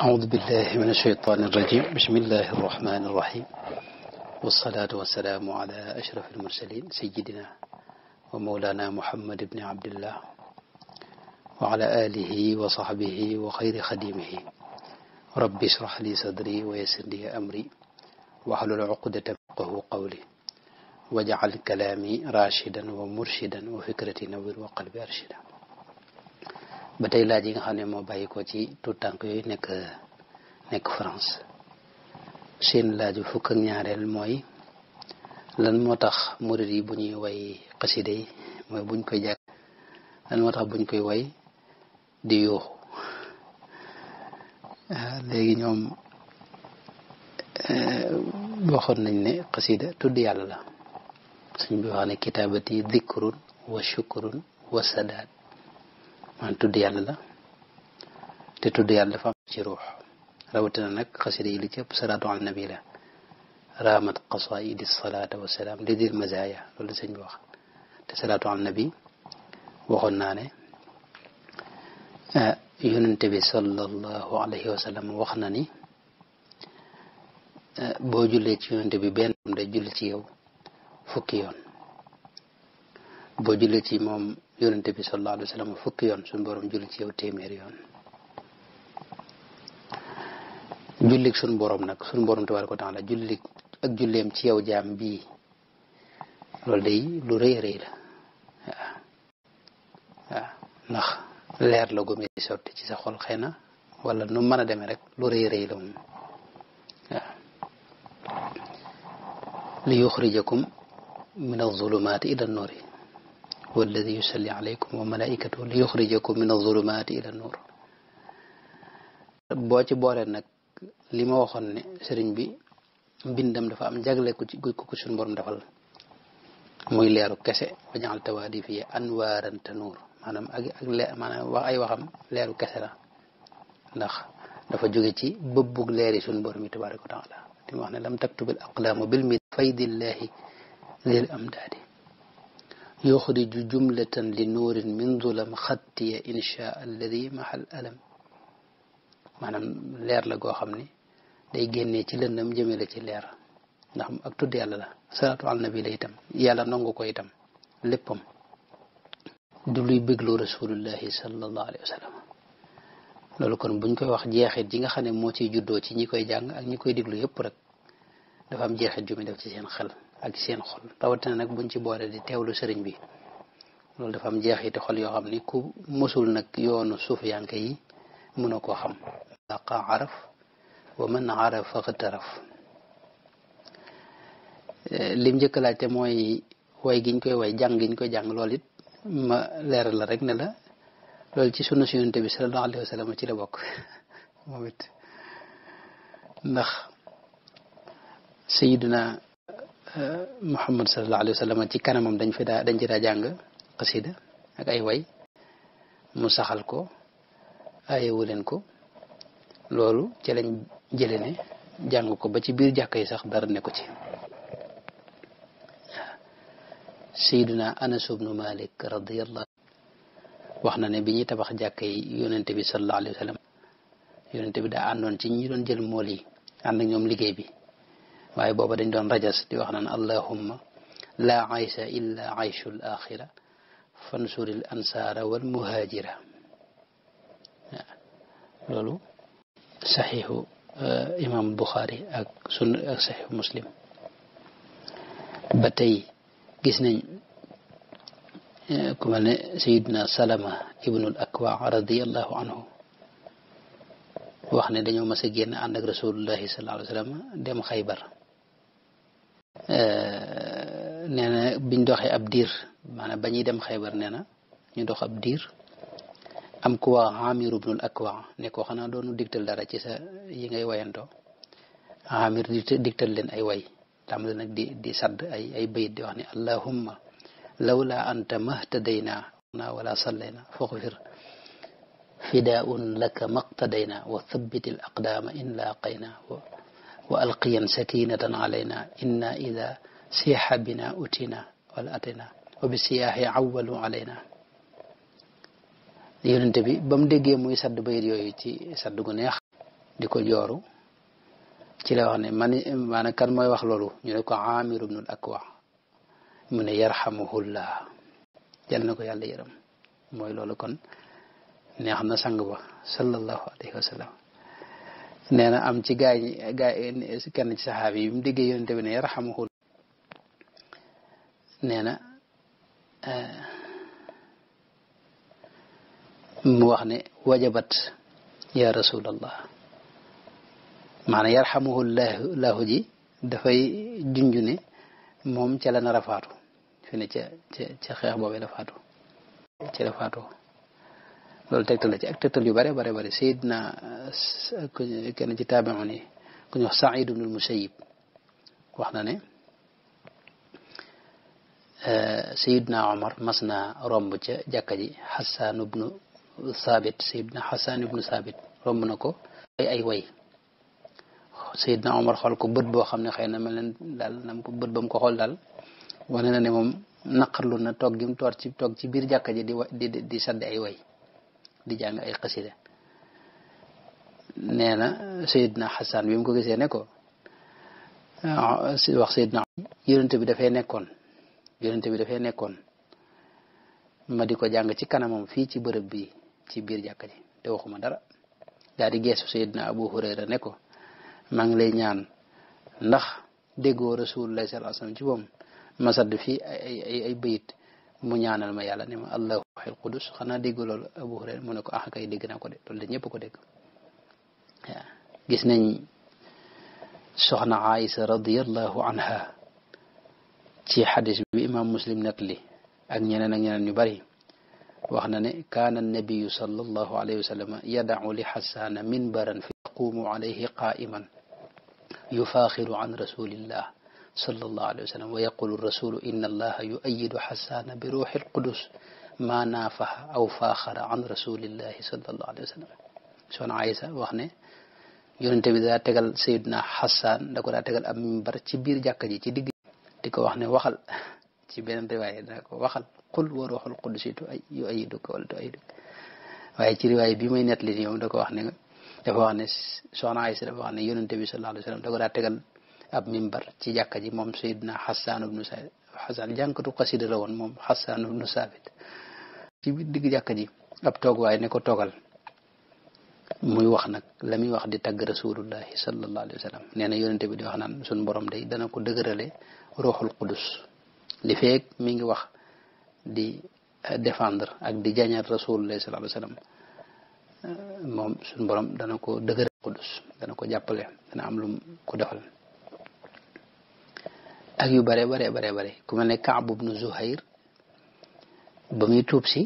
أعوذ بالله من الشيطان الرجيم بسم الله الرحمن الرحيم والصلاة والسلام على أشرف المرسلين سيدنا ومولانا محمد بن عبد الله وعلى آله وصحبه وخير خديمه رب اشرح لي صدري ويسر لي أمري وحل عقدة فقه قولي واجعل كلامي راشدا ومرشدا وفكرتي نور وقلبي أرشدا ba tey laaj yi nga xam ne moo bàyyi ko ci tout tànk yooyu nekk nekk France seen bi fukk ak ñaareel mooy lan moo tax murid yi bu ñuy way xasida yi mooy buñ koy jàkk lan moo tax buñ koy way di yuuxu ah, léegi ñoom eh, waxoon nañ ne xasida tudd yàlla la suñ bi wax ne kitaabati dikrun wa shukrun wa sadaat man tudd yàlla la te tudd yàlla dafa am ci ruux rawatina nag xasida yi li ci ëpp salaatu ala nabi la raamat qasaidi salaata wa salaam li dil mazaaya loolu sëñ bi wax te salaatu ala nabi waxoon naa ne yonente bi sallallahu alayhi wa sallam wax na ni boo jullee ci yonente bi benn day julli ci yow fukki yoon boo jullee ci moom yonente bi sallallahu alayhi wa sallam fukki yoon suñu borom julli ci yow téeméeri yoon jullik suñu borom nag suñu borom tabaaraka wa taala jullik ak julleem ci yaw jaam bii loolu day lu rëy rëy la ndax leer la gome di sotti ci sa xol xëy na wala nu mën a demee rek lu rëy rëy la moom waaw li yuxrijakum min az-zulumaati ila an-nuuri هو الذي يصلي عليكم وملائكته ليخرجكم من الظلمات إلى النور boo ci boolee nag li ma waxoon ne sëriñ bi mbindam dafa am jagle ku ci ku ko suñu borom muy leeru kese wajaxal tawaadi fii anwaaran tanuur maanaam ak ay waxam leeru kese la ndax dafa jóge ci bëbbug leeri suñu borom yi tabaaraka wa taala di wax lam taktubil aqlaamu bil mi faydillahi lil amdaadi yuxriju jumlatan li nuurin min zulam xattiya insha alladi mahal alam maanaam leer la goo xam ni day génnee ci lëndam jëme la ci leer ndax ak tudd yàlla la salaatu al nabi la itam yàlla nangu ko itam léppam di luy bégloo rasulullahi sallallahu alayhi wa loolu kon buñ koy wax jeexit ji nga xam ne moo ciy juddoo ci ñi koy jàng ak ñi koy déglu yëpp rek dafa am jeexit ju muy def ci seen xel ak seen xol rawatina nag buñ ci boole di teewlu sëriñ bi loolu dafa am jeexiti xol yoo xam ni ku mësul nag yoonu suufiyanke yi mënoo koo xam laqa araf wa man arafa xëtaraf lim njëkk laajte mooy way giñ koy way jàng giñ koy jàng lool it ma leeral la rek ne la loolu ci sunu su yonent bi sallallahu alayhi wa sallam ci la bokk moom it ndax sayiduna Euh, Muhammad sallallahu alayhi ci kanamam dañ fi daa dañ ci jàng xasida ak ay way mu saxal ko ayewu leen ko loolu ci lañ jële ne jàng ko ba ci biir jàkk yi sax dara ne ko ci sayduna anas ubnu malik radiallahu wax na ne bi ñuy tabax jàkka yi yonente bi sallallahu alayhi wa sallam yonente bi daa àndoon ci ñi doon jël mool yi ànd ak ñoom liggéey bi waye bobu dañ doon rajas di wax naan allahumma la aysha illa ayshu l axira fansuri l ansaara wal muhajira lolu sahihu imam bukhari ak sun ak sahih muslim batay gis nañ ku mel ne sayidna salama ibnul akwa radiallahu anhu wax ne dañoo mas a génn ànd ak rasulullahi sallallahu alayhi wa dem xaybar Euh, nee na biñ doxee ab diir maanaam ba dem xaybar nee na ñu dox ab diir am ku waa Amir ibnul Akwa ne ko xanaa doonu digtal dara ci sa yi ngay wayantoo Amir digtal leen ay way tam la nag di sadd ay ay bayit di wax ne allahumma lawla anta mahtadayna na wala sallayna faxfir fidaun laka maqtadayna wa thabbit al in laaqayna wa alqiyan sakinatan alayna inna ida siha bina utina wala atina wa bi siyaahi awwalu alayna yonente bi ba mu déggee muy sadd bayit yooyu ci sadd gu neex di ko jooru ci la wax ne man kan mooy wax loolu ñu ne ko amir ibnul akwa mu ne yarhamuhullah yal na ko yàlla yërëm mooy loolu kon neex na sang ba sallallahu alayhi wa nee na am ci gaay gaay kenn ci saxaabi yi mu déggee yonente bi ne yarxamuhul nee na eh, mu wax ne wajabat ya rasulallah maanaam yarxamuhu lahu ji dafay junju ne moom ca a faatu fi ne ca ca ca xeex boobee la faatu ci la faatoo loolu tegtal la ci ak tegtal yu bare bare bare sayidna euh, kenn ci taabiun ku ñu wax Saïd ibnul Musayyib wax na ne euh, sayidna Omar mas na romb ca jàkka ji Xasaan ibnu Saabit sayidna Xasaan ibnu Saabit romb na ko ay ay way sayidna Omar xool ko bët boo xam ne xëy na mel leen daal nam ko bët ba mu ko xool daal wane na ne moom lu na toog gi mu toog ci toog ci biir jàkka ji di wa di di sadde ay way di jàng ay xasida nee na Seydina Xasan bi mu ko gisee ne ko ah, wax Seydina yonent bi dafay nekkoon yonent bi dafay nekkoon ma di ko jàng ci kanamam fii ci bërëb bi ci biir jàkka ji te waxuma dara daal di geesu Seydina Abu Hurayra ne ko maa ngi lay ñaan ndax déggoo Rasulullah sallallahu alayhi wasallam ci moom ma sadd fii ay ay mu ñaanal ma yàlla ne ma allahu xil qudus xanaa dégg loolu Abu Hurayra ne ko ah kay dégg naa ko de ko dégg waaw gis nañ soxna Aïsa radiallahu anha ci xadis bi imam muslim netli ak ñeneen ak ñeneen ñu bari wax na ne kaana annabiyu sallallahu alayhi wa li xasaana minbaran fa yaquumu alayhi qaa'iman yufaaxiru an rasulillah صلى الله عليه وسلم ويقول الرسول إن الله يؤيد حسان بروح القدس ما نافح أو فاخر عن رسول الله صلى الله عليه وسلم شون عايزة وحنة يونتبي ذا تقل سيدنا حسان دكورا تقل أمين بر تبير جاكجي تدقي تقل وحنة وخل تبين رواية وخل قل وروح القدس يؤيدك ولد أيدك waaye ci riwaay bi may nett li ñoom da ko wax ne dafa wax ne soxna ay sa dafa ab mimbar ci jàkka ji moom sayidna xasaan ibnu saabit xasaan jànkatu xasida la woon moom xasaan ibnu saabit ci biir digg jàkka ji ab toog waaye ne ko toogal muy wax nag la muy wax di tagg rasulullahi sallallahu alayhi wa sallam na yonente bi di wax naan suñ borom day dana ko dëgërale ruuxul qudus li feeg mi ngi wax di eh, défendre ak di jañal rasulullahi sallallahu alayhi wa sallam eh, moom suñ borom dana ko dëgëral qudus dana ko jàppale dana am lu ko defal ak yu bare bare bare bare ku melne ne ibn zuhair ba muy tuub si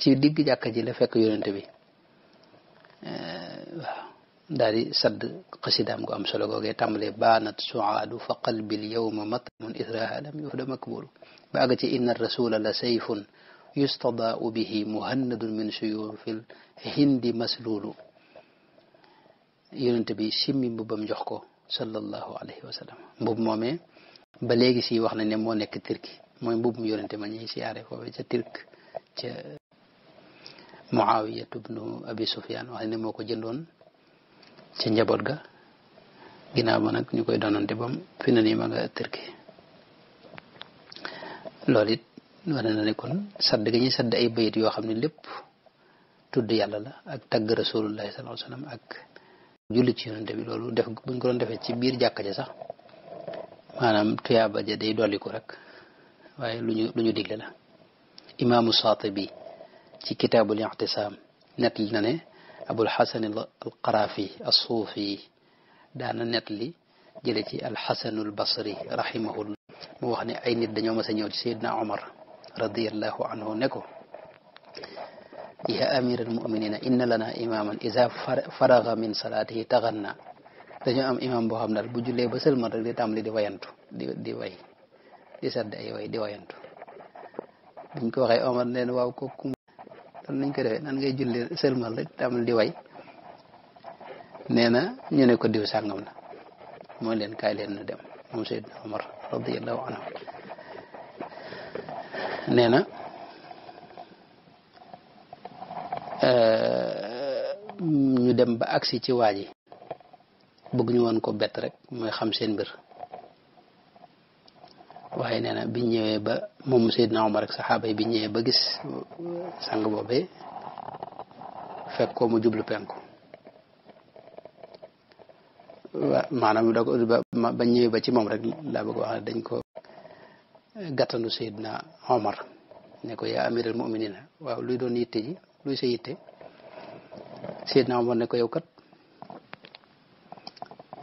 ci digg jàkka ji la fekk yonente bi waaw daal di sadd xasidaam gu am solo googee tàmbalee baanat suaadu fa qalbi lyawma matlamun israha lam yufda makbulu ba àgg ci inna rasula la sayfun yustadaau bihi muhannadun min suyufi l hindi maslulu yonente bi simmi mbubbam jox ko sallallahu alayhi wa sallam mbub moomee ba léegi si wax na ne moo nekk turki mooy mbubb mu ma ñuy siyaare foofu ca turk ca muawiyat ibnu abi sufyaan wax ne moo ko jëndoon ca njaboot ga ginnaaw ba nag ñu koy donante bam fi na nii ma nga turki loolu it wane na ne kon sadd gi ñuy sadd ay bayit yoo xam ne lépp tudd yàlla la ak tagg rasulullahi sallallahu alayhi ak julli ci yonente bi loolu def buñ ko doon defee ci biir jàkka ja sax manam tiyaba je day doli ko rek waaye luñu ñu digle la imam sa'tibi ci kitaabul Ictisaam nettali na ne abul xasan al al-qarafi as-suufi daana netli jële ci al-hasan al basri rahimahullah mu wax ni ay nit dañu ma sa ñëw ci sayidna umar radiyallahu anhu ne ko يا أمير المؤمنين إن لنا إماما إذا فرغ من صلاته تغنى dañoo am imam boo xam ne bu jullee ba sëlmal rek di tàmbali di wayantu di di way di sàdd ay way di wayantu ko waxee Omar neen waaw kooku lan ko defee nan ngay jullee sëlmal rek tàmbali di way nee na ñu ne ko diw sàngam mooy leen kaay leen nu dem moom Seydina Omar nee na euh, ñu dem ba agsi ci waaji bëgg ñu woon ko bett rek mooy xam seen mbir waaye nee na biñ ñëwee ba moom Seydina Omar rek saxaaba yi biñ ñëwee ba gis sang boobee fekk ko mu jublu penku waaw maanaam da ko ba ñëwee ba ci moom rek laa bëgg wax dañ ko gàttandu Seydina Omar ne ko amiral muminina waaw luy doon yitte ji luy sa yitte Seydina Omar ne ko yow kat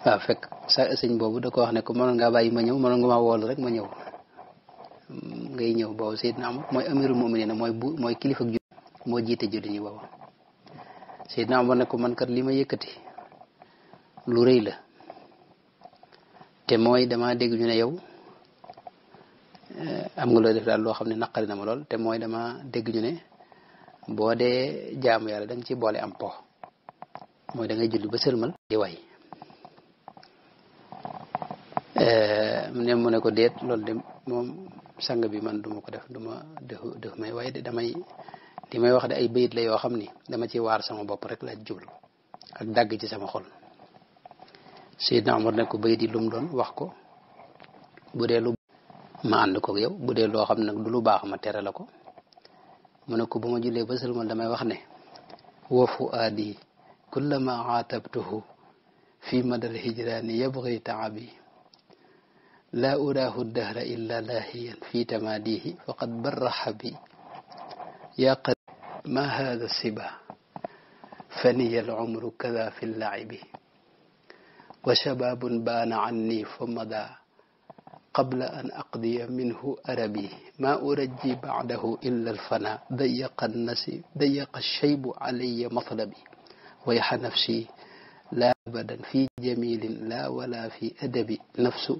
waaw fekk sa sëñ boobu da ko wax ne ko mënoon ngaa bàyyi ma ñëw mënoon nga ma woolu rek ma ñëw mm, ngay ñëw boobu Seydina Omar mooy amirul mu'minin mooy bu mooy kilifa ju moo jiite julli ñi boobu Seydina ne ko man kat li ma yëkkati lu rëy la te mooy dama dégg ñu ne yow eh, am nga loo def daal loo xam ne naqari na ma lool te mooy dama dégg ñu ne boo dee jaamu yàlla da nga ci boole am po mooy dangay ngay julli ba sërmal di way Eh, mu ne mu ne ko déet loolu de moom sang bi man duma ko def duma def may waaye damay li may wax de ay bayit la yoo xam ni dama ci waar sama bopp rek la jublu ak dagg ci sama xol Seydina Omar ne ko bayit yi lu mu doon wax ko bu dee lu ma ànd ko yow bu dee loo xam nag du lu baax ma tere la ko mu ne ko bu ma jullee ba sëlmal damay wax ne wa fuaadi kullama aatabtuhu fi madal hijraani yabgi taabi لا أراه الدهر إلا لاهيا في تماديه فقد برح بي يا قد ما هذا السبا فني العمر كذا في اللعب وشباب بان عني فمضى قبل أن أقضي منه أربي ما أرجي بعده إلا الفناء ضيق النسي ضيق الشيب علي مطلبي ويح نفسي لا أبدا في جميل لا ولا في أدب نفس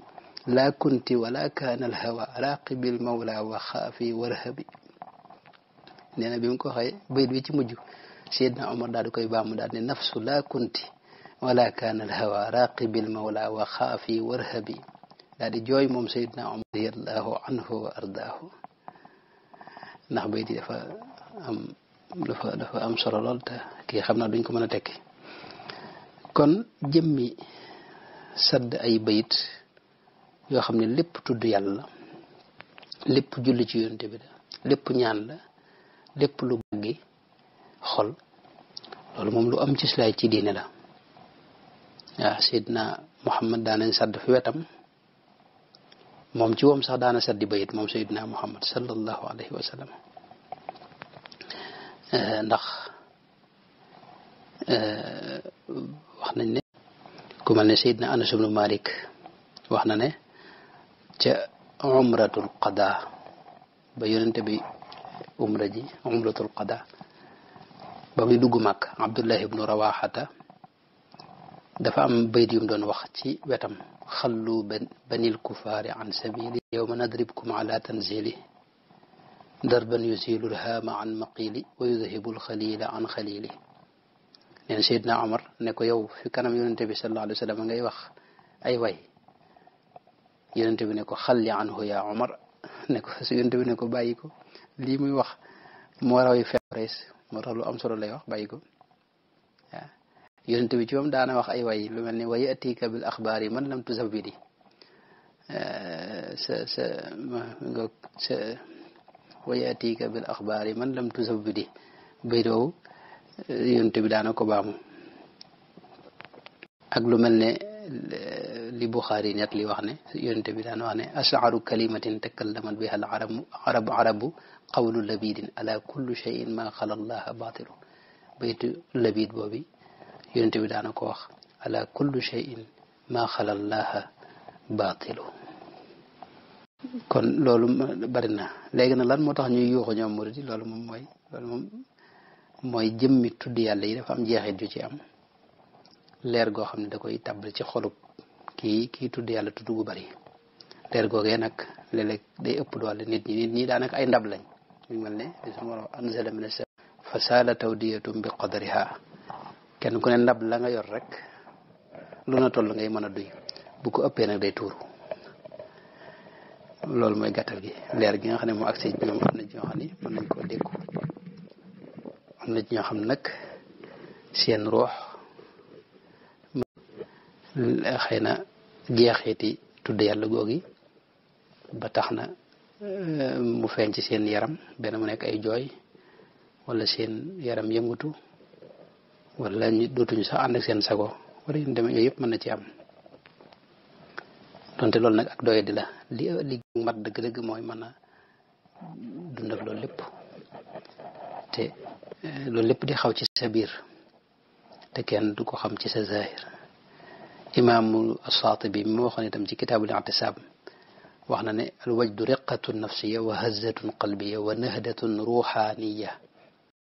لا كنت ولا كان الهوى راقب المولى وخافي وارهبي نينا بيمكو خاي بيد بي مجو سيدنا عمر دا كوي بام دا نفس لا كنت ولا كان الهوى راقب المولى وخافي وارهبي دا دي جوي موم سيدنا عمر رضي الله عنه وارضاه نخ بيدي دا ام لفا دا فا ام سورا لول تا كي خمنا دوين كو مانا تكي كون جمي سد اي بيت yoo xam ne lépp tudd yàlla la lépp julli ci yonte bi la lépp ñaan la lépp lu bëggi xol loolu moom lu am ci silaay ci diine la waaw Seydina Muhammad daanañ sàdd fi wetam moom ci woom sax daana sàddi bayit moom Seydina Muhammad sallallahu alayhi wa sallam eh, ndax eh, wax nañ ne ku mel ne Seydina Anas ibnu Malik wax na ne ca umratul qada ba yonente bi umra ji umratul qada ba muy dugg màkk abdullah ibnu rawaxata dafa am bayt yum doon wax ci wetam xallu banil kufaari an sabili yowma nadribkum ala tanzili darban yusilu lhaama an maqili wa yudhibu lxalila an xalili neen seydna omar ne ko yow fi kanam yonente bi sallallahu alayhi wa sallam ngay wax ay way yonente bi ne ko xalli anhu ya omar ne ko su yonente bi ne ko bàyyi ko lii muy wax moo raw fees moo tax lu am solo lay wax bàyyi ko waaw yonente bi ci moom daana wax ay way lu mel ne wa yatika bil axbaar yi man lam tuzabidi sa sa nga sa wa yatika bil axbaar yi man lam tuzabidi bay doowu yonente bi daana ko baamu ak lu mel ne li Buxaari net li wax ne yonente bi daan wax ne ashaaru kalimatin takallamat biha al arabu arabu arabu qawlu labidin ala kulli cheyin ma xala allaha batilu baytu labid boobi yonente bi daana ko wax ala kulli cheyin ma xala allaha batilu kon loolu bari na léegi nag lan moo tax ñuy yuuxu ñoom muridi moom mooy loolu mooy jëmmi tudd yàlla yi dafa am jeexit ju ci am leer goo xam ne da koy tàbbal ci xolub ki ki tudd yalla tuddu gu bari der googee nak léeg-léeg day ëpp doole nit ñi nit ñi daanaka ay ndab lañ ñu mel ne mo suñu min as fa sala tawdiyatun bi qadriha kenn ku ne ndab la nga yor rek lu na toll ngay mëna duy bu ko ëppee nak day tour lool moy gàttal gi leer gi nga xam mo ak sey ñoom am ci ñoo xam ne mën nañ koo dékku am na ci ñoo xam nak seen ruux xëy na jeexeeti tudd yàlla googi ba tax na euh, mu feeñ ci seen yaram benn mu nekk ay jooy wala seen yaram yëngatu wala ñu dootuñu sax ànd seen sago wala yu demee yooyu yëpp mën na ci am donte loolu nag ak doyadi la li li mat dëgg-dëgg mooy mën a dund loolu lépp te euh, loolu lépp di xaw ci sa biir te kenn du ko xam ci sa zahir إمام الصاطبي موخن يتم كتاب الاعتساب وحنا الوجد رقة نفسية وهزة قلبية ونهدة روحانية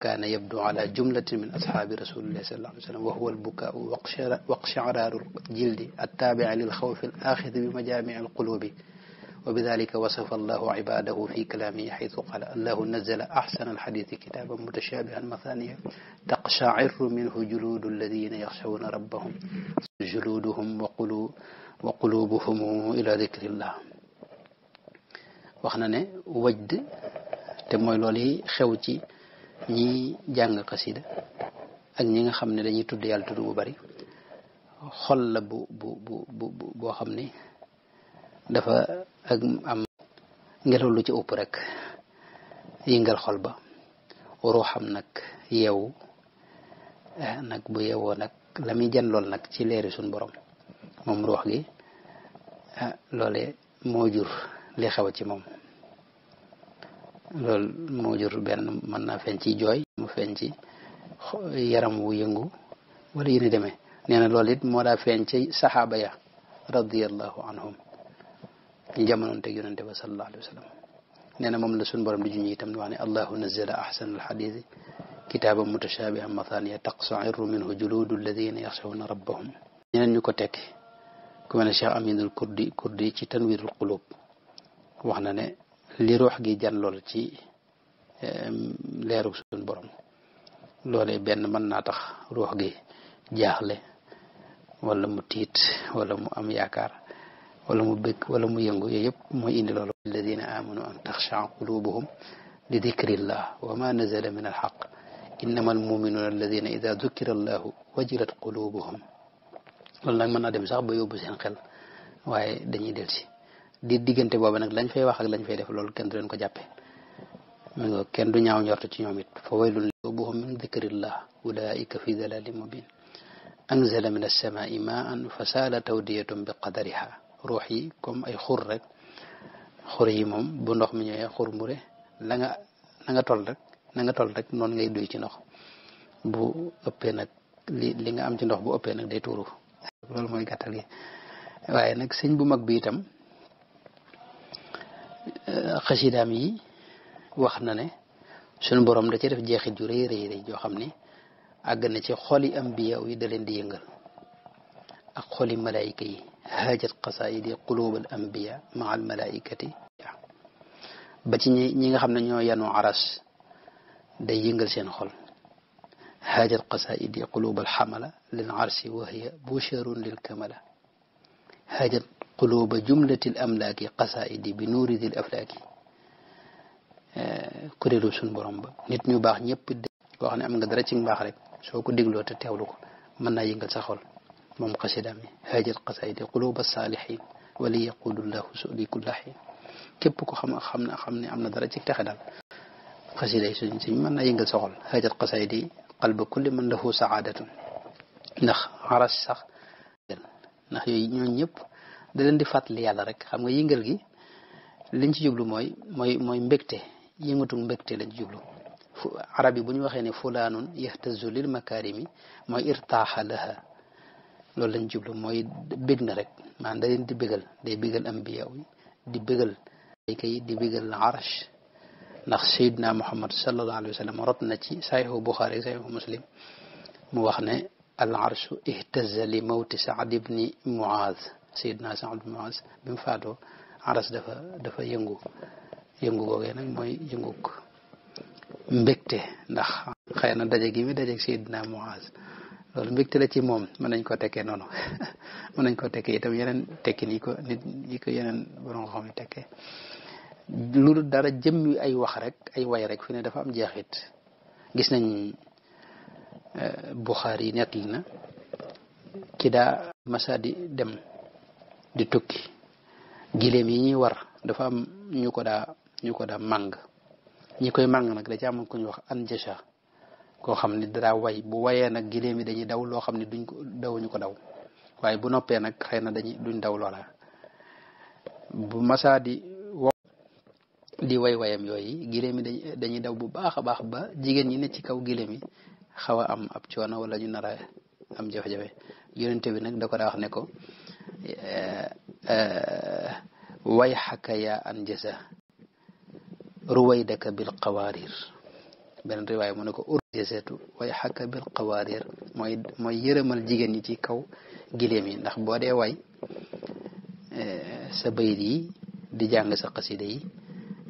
كان يبدو على جملة من أصحاب رسول الله صلى الله عليه وسلم وهو البكاء وقشعرار الجلد التابع للخوف الآخذ بمجامع القلوب وبذلك وصف الله عباده في كلامه حيث قال الله نزل أحسن الحديث كتابا متشابها مثانيا تقشعر منه جلود الذين يخشون ربهم جلودهم وقلوبهم إلى ذكر الله wax ne wëjd te mooy loolu xew ci ñi jàng xasida ak ñi nga xam dañuy tudd yàlla tudd bu bari xol la bu bu bu bu dafa ak am ngelaw lu ci ëpp rek yëngal xol ba ruuxam nag yeewu eh, nag bu yeewoo nag la muy jan lool nag ci leeri suñ boroom moom ruux gi eh, loole moo jur li xew ci moom loolu moo jur benn mën naa feeñ ci jooy mu feeñ ci yaram wu yëngu wala yéni demee nee na loolu it moo daa feeñ ci saxaaba ya radiallahu anhum ñu jamonoon teg yonente ba sallallahu wa sallam nee na moom la suñu borom di juñu itam wax ne allahu nazala ahsana alxadisi kitaaban mutashabihan mathaniya taqsairu minhu juludu alladina yaxshawna rabbahum a ñu ko tekki ku mel ne cheikh aminul kurdi ci ci tanwirul qulub wax na ne li ruux gi jan lool ci leeru suñu borom loolee benn man na tax ruux gi jaaxle wala mu tiit wala mu am yaakaar ولا مو بك ولا مو ينغو ييب موي اندي لولو الذين امنوا ان تخشع قلوبهم لذكر الله وما نزل من الحق انما المؤمنون الذين اذا ذكر الله وجلت قلوبهم لول نك مانا ديم صاح با يوبو سين خيل واي دانيي ديلسي دي ديغنتي بوبا نك لاني فاي واخ اك لاني فاي ديف لول كين درن كو جابي نغو كين دو نياو نيورتي تي نيوميت فويل قلوبهم من ذكر الله اولئك في ضلال مبين انزل من السماء ماء فسالت توديه بقدرها ruux yi comme ay xur rek xur yi moom bu ndox mi ñëwee xur mbure la nga toll rek na nga toll rek noonu ngay duy ci ndox bu ëppee nag li nga am ci ndox bu ëppee nag day tuuru loolu mooy gàttal gi waaye nag sëñ bu mag bi itam euh, xasidaam yi wax na ne suñu borom da ci def jeexit ju rëy rëy rëy joo xam ni àgg na ci xoli ambiya yi da leen di yëngal ak xoli malaayika yi هاجت قصائد قلوب الأنبياء مع الملائكة بتي نيغا خامنا نيو يانو عرس دا ييغل سين خول هاجت قصائد قلوب الحملة للعرس وهي بشر للكملة هاجت قلوب جملة الأملاك قصائد بنور ذي الأفلاك كريلو سون بروم با نيت ñu baax ñepp ko xamne am nga dara ci baax rek soko deglo te tewlu ko man na yëngal sa xol moom xaajal xasaayid quluba saalihin wali yaqulullahu sudi kulli hin képp ko xam xam na xam ne am na dara ci texe daal xasida yi suñ suñ mën na yëngal sa xol xaajal xasaayid yi qalba kulli man lahu saadatun ndax xaras sax ndax yooyu ñooñu ñëpp da leen di fàttali yàlla rek xam nga yëngal gi liñ ci jublu mooy mooy mooy mbégte yëngatu mbégte lañ ci jublu arab yi bu ñu waxee ne fulaanun yahtazu lil makarimi mooy irtaaxa laha loolu lañ jublu mooy bég na rek maanaam da leen di bégal day bégal ambiya yi di bégal ayka yi di bégal arsh ndax sayidna muhammad sallallahu alayhi wa sallam rot na ci saxihu buxaari saxihu muslim mu wax ne al arshu ihtaza li mawti saad ibni muaz sayidna saad ibni muaz bi mu faatoo aras dafa dafa yëngu yëngu googee nag mooy yëngu mbégte ndax xëy na daje gi mi dajeeg sayidna muaz loolu mbégte la ci moom mën nañ ko tekkee noonu mën nañ ko tekkee itam yeneen tekkin yi ko nit yi ko yeneen borom xam ne tekkee loolu dara jëmmi ay wax rek ay way rek fi dafa am jeexit gis nañ eh, Bukhari ki daa masa di dem di tukki gilem yi ñuy war dafa am ñu ko daa ñu ko daa màng ñi koy màng nag da ci am ku wax an koo xam ni dara way bu wayee nag giléem yi dañuy daw loo xam ni duñ ko dawuñu ko daw waaye bu noppee nag xëy na dañu duñ daw loola bu masaa di di way wayam yooyu giléem yi dañuy daw bu baax a baax ba jigéen ñi ne ci kaw giléem yi xaw a am ab coono wala ñu nar am jafe-jafe yonente bi nag da ko daa wax ne ko eh, eh, way xaka yaa an jësa ruwaydaka bil qawaarir beneen riwaay mu ne ko urjeseetu way xakka bil xawaarir mooy mooy yërëmal jigéen ñi ci kaw giléem yi ndax boo dee way eh, sa bayit yi di jàng sa xasida yi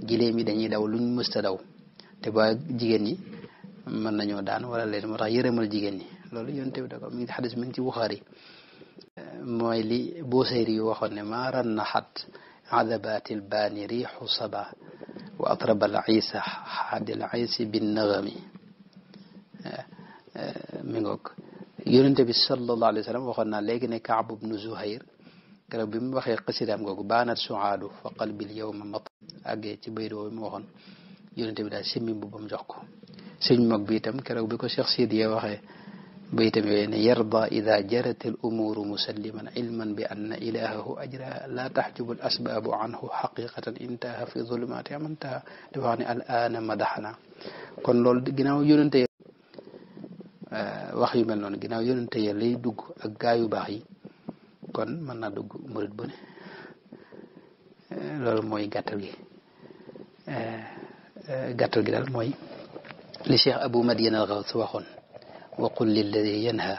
giléem yi dañuy daw luñ mësta daw te ba jigéen ñi mën nañoo daan wala leen moo tax yërëmal jigéen ñi loolu yonte bi da ko mi ngi xadis mi ngi ci Buxaari mooy li Busayri yu waxoon ne ma rannaxat adabatil baani riixu saba وأطرب العيسى حاد العيسى بالنغم آه، آه، منك يونت صلى الله عليه وسلم وخلنا لكن كعب بن زهير كرب بما خير قصيدة منك بانت سعاد فقلب اليوم مط أجيت بيرو مهون يونت بلا سمي ببم جاكو سمي مقبيتم كرب بكو شخصي دي وخير بيت بيتمين يرضى إذا جرت الأمور مسلما علما بأن إلهه أجرا لا تحجب الأسباب عنه حقيقة انتهى في ظلمات منتهى دفعني الآن مدحنا كن لول جناو يونتي وخي ملون جناو يونتي لي دوغ أقايو باهي كن منا دوغ مرد بني لول موي غاتلغي غاتلغي لول موي لشيخ أبو مدينة الغوث وخن وقل للذي ينهى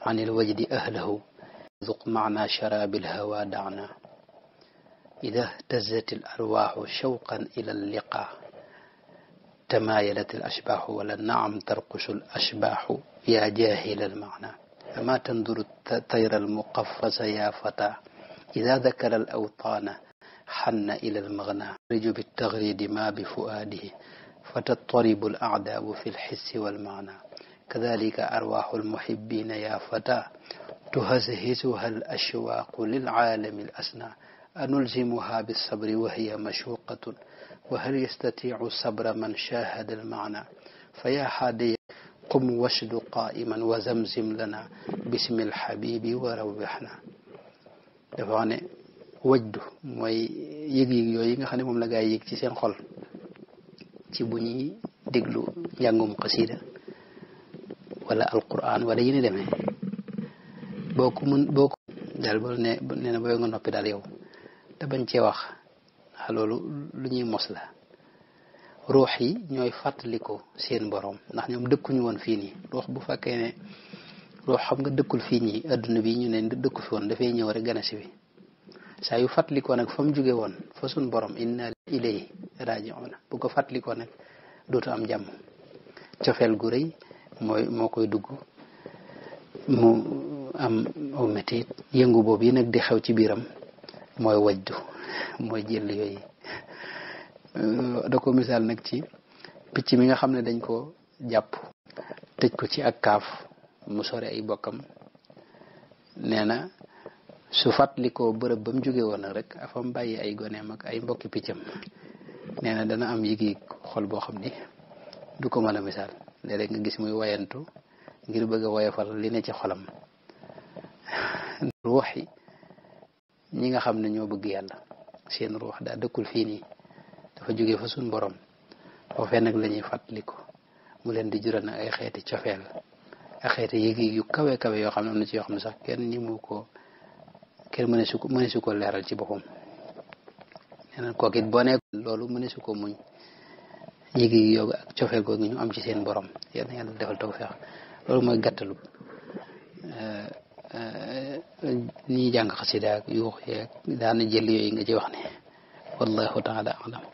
عن الوجد أهله ذق معنا شراب الهوى دعنا إذا اهتزت الأرواح شوقا إلى اللقاء تمايلت الأشباح ولا نعم ترقش الأشباح يا جاهل المعنى فما تنظر الطير المقفز يا فتى إذا ذكر الأوطان حن إلى المغنى يخرج بالتغريد ما بفؤاده فتضطرب الأعداء في الحس والمعنى كذلك أرواح المحبين يا فتى تهزهزها الأشواق للعالم الأسنى أنلزمها بالصبر وهي مشوقة وهل يستطيع صبر من شاهد المعنى فيا حادي قم واشد قائما وزمزم لنا باسم الحبيب وروحنا dafa wax ne wajdu mooy nga xam ne la gaa yëg ci seen xol ci bu déglu njàngum xasida wala alquran wala yi ni demee boo ko mën boo ko daal boo ne nee na booy noppi daal yow te bañ cee wax ndax ah loolu lu ñuy mos la ruux yi ñooy fàttaliku seen borom ndax ñoom dëkkuñu woon fii nii ruux bu fakkee ne ruux xam nga dëkkul fii nii adduna bi ñu ne dëkku fi woon dafay ñëw rek gën a si bi saa fàttalikoo nag fa mu woon fa suñ borom inna ilayhi rajiuna bu ko fàttalikoo nag dootu am jàmm cofeel gu rëy mooy moo koy dugg mu am aw yëngu boobu yi nag di xew ci biiram mooy wajdu mooy jël yooyu euh, da ko misaal nag ci picc mi nga xam ne dañ ko jàpp tëj ko ci ak kaaf mu sore ay bokkam nee na su fàttalikoo bërëb ba mu jóge woon rek afam bàyyi ay goneem ak ay mbokki piccam nee na dana am yëg-yëg xol boo xam ni du ko mën a misaal ne rek nga gis muy wayantu ngir bëgg a woyofal li ne ci xolam ruux yi ñi nga xam ne ñoo bëgg yàlla seen ruux daa dëkkul fii nii dafa jóge fa suñ borom foofee nag la ñuy fàttaliku mu leen di jural nag ay xeeti cofeel ak xeeti yëg yu kawe kawe yoo xam ne am na ci yoo xam ne sax kenn ni mu ko kenn mëne su ko mëne su ko leeral ci boppam nee na kooku it boo nekk loolu mëne su ko muñ liggéeyu yoogu ak cofeel googu ñu am ci seen borom yal na yàlla defal tawfeex loolu mooy gàttalu ni eh, eh, jàng xasida ak yuux yeeg daana jël yooyu nga ci wax ne wallahu taala alam